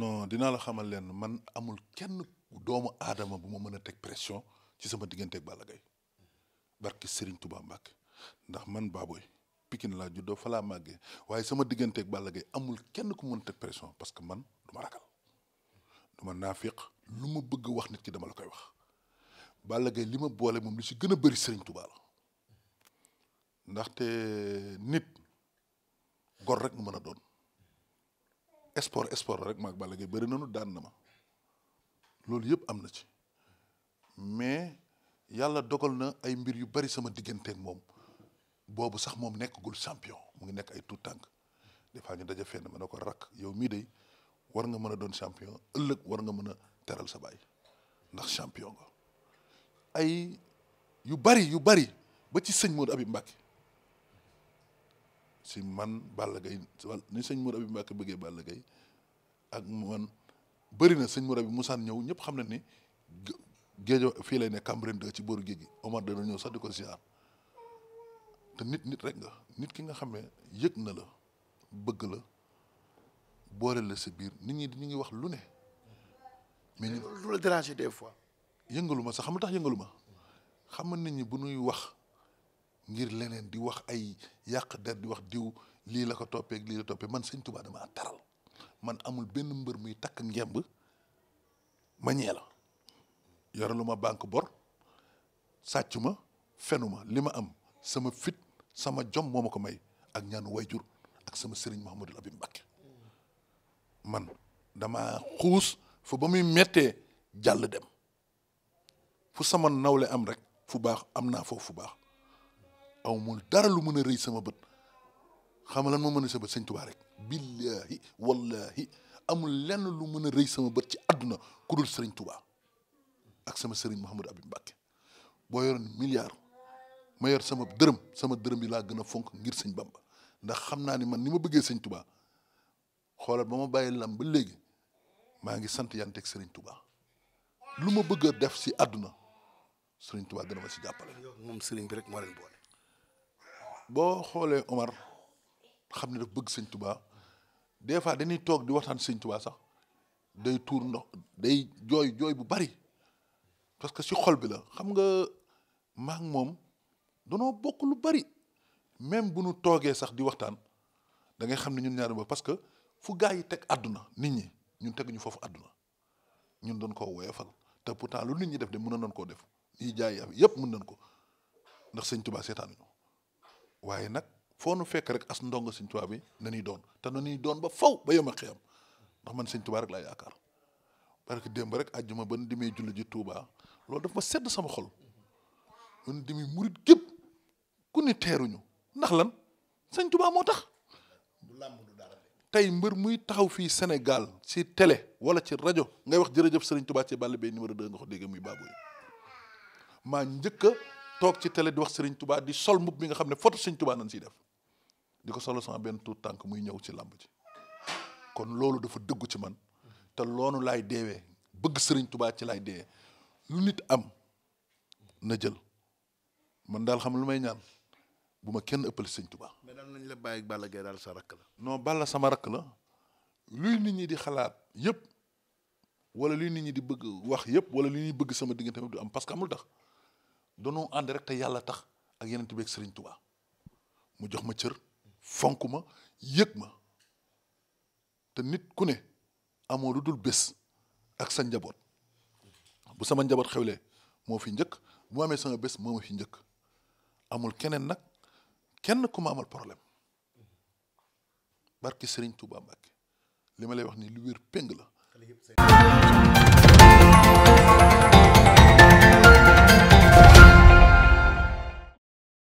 non dinaa la xamal leen man amul kenn doomu aadama bu ma mën a teg pression ci sama digganteeg Balla Gaye barki Serigne tubaa Mbacke ndax man Baboy Pikine laa juddoo fa laa màggee waaye sama digganteeg Balla Gaye amul kenn ku mën a teg pression parce que man du ma ragal du ma lu ma bëgg wax nit ki dama la koy wax Balla Gaye li ma boole moom li si gën a bëri Serigne Touba la ndaxte nit gor rek mu mën a doon. sport sport rek maag Balla Gaye bëri nanu daan na ma loolu yëpp am na ci mais yàlla dogal na ay mbir yu bari sama digganteeg moom boobu sax moom nekkagul champion mu ngi nekk ay tout tànk des fois ñu daja fenn ma ne ko rak yow mii de war nga mën a doon champion ëllëg war nga mën a teral sa baay ndax champion nga ay yu bari yu bari ba ci sëñ Modou Habib Mbacké si man Balla Gaye ni sëñ Mourabi Mbacke bëggee Balla Gaye ak man bëri na sëñ Mourabi Moussane ñëw ñëpp xam na ni géejo fii lay ne Cambérène 2 ci booru géej gi Omar dana ñëw sax di ko ziar te nit nit rek nga nit ki nga xam ne yëg na la bëgg la boole la sa biir nit ñi di ñu ngi wax lu ne. mais loolu la fois. yëngalu ma sax xam nga tax yëngalu ma xam nga nit ñi bu nuy wax. ngir leneen di wax ay yàq der di wax diw lii la ko toppee lii la toppee man sëñ Tuubaa damaa taral man amul benn mbër muy takk ngemb ma ñee la yoralu ma bànk bor sàcc ma fenu ma li ma am sama fit sama jom moo ma ko may ak ñaanu wayjur ak sama sëriñ Mouhamadul Abim Mbakke man dama xuus fa ba muy mettee jàll dem fu sama nawle am rek fu baax am naa foofu fu baax aw ma dara lu mën a rëy sama bët xama lan moo mën a sa bët sëñ Tuubaa rek billahi wallahi amul lenn lu mën a rëy sama bët ci àdduna ku sëriñ tubaa ak sama sëriñ Mouhamadou bi Mbacke boo yoroon milliard ma yor sama dërëm sama dërëm yi laa gën a fonk ngir sëñ Bamba ndax xam naa ni man ni ma bëggee sëñ tubaa xoolal ba ma bàyyi lam ba léegi maa ngi sant yanteeg sëriñ tubaa lu ma bëgg a def si àdduna sëriñ Tuubaa dana ma si jàppale moom rek moo leen boole boo xoolee Omar xam ne daf bëgg sëñ Touba des fois dañuy toog di waxtaan sëñ Touba sax day tuur ndox day jooy jooy bu bari parce que si xol bi la xam nga maa moom danoo bokk lu bari même bu nu toogee sax di waxtaan da xam ne ñun ñaar ba parce que fu gaa yi teg àdduna nit ñi ñun ñu foofu àdduna ñun doon koo woyofal te pourtant lu nit ñi def de mën na noon koo def ñuy jaay yëpp mën nañ ko ndax sëñ Touba seetaanuñu waaye nag foo nu fekk rek as ndongo sëñ Tuubaa bi na ñuy doon te na ñuy doon ba faw ba yem a xiyam ndax man sëñ Tuubaa rek laa yaakaar parce que démb rek àjjuma ba nu demee julli ji Tuubaa loolu daf ma sedd sama xol ba nu demee ku ni teeruñu ndax lan sëñ Tuubaa moo tax tey mbër muy taxaw fii senegal si tele wala ci rajo ngay wax jërëjëf Serigne Touba ci Balla Beye numéro 2 nga ko dégg muy Baboye maa njëkk a toog ci tele di wax Serigne Touba di sol mbubb mi nga xam ne photo Serigne Touba nañ siy def di ko solo sama benn tuut tànk muy ñëw ci làmb ji loolu dafa dëggu ci man te loonu laay deewee bëgg Serigne Touba ci laay deewee lu nit am na jël man daal xam lu may ñaan bu ma kenn ëppale Serigne tubaa mais daal nañ la bàyyi Balla Gaye daal sa rakk la. noo Balla sama rakk la luy nit ñi di xalaat yëpp wala luy nit ñi di bëgg wax yëpp wala luy ñuy bëgg sama diggante du am parce que amul tax. danoo ànd rek te yàlla tax ak yeneen beeg Serigne Touba mu jox ma cër fonk ma yëg ma te nit ku ne amoo lu dul bés ak sa njaboot bu sama njaboot xewle moo fi njëkk bu amee sama bés moo ma fi njëkk amul keneen nag kenn ku ma amal problème barki Serigne Touba Mbacke li ma lay wax ni lu wér peng la.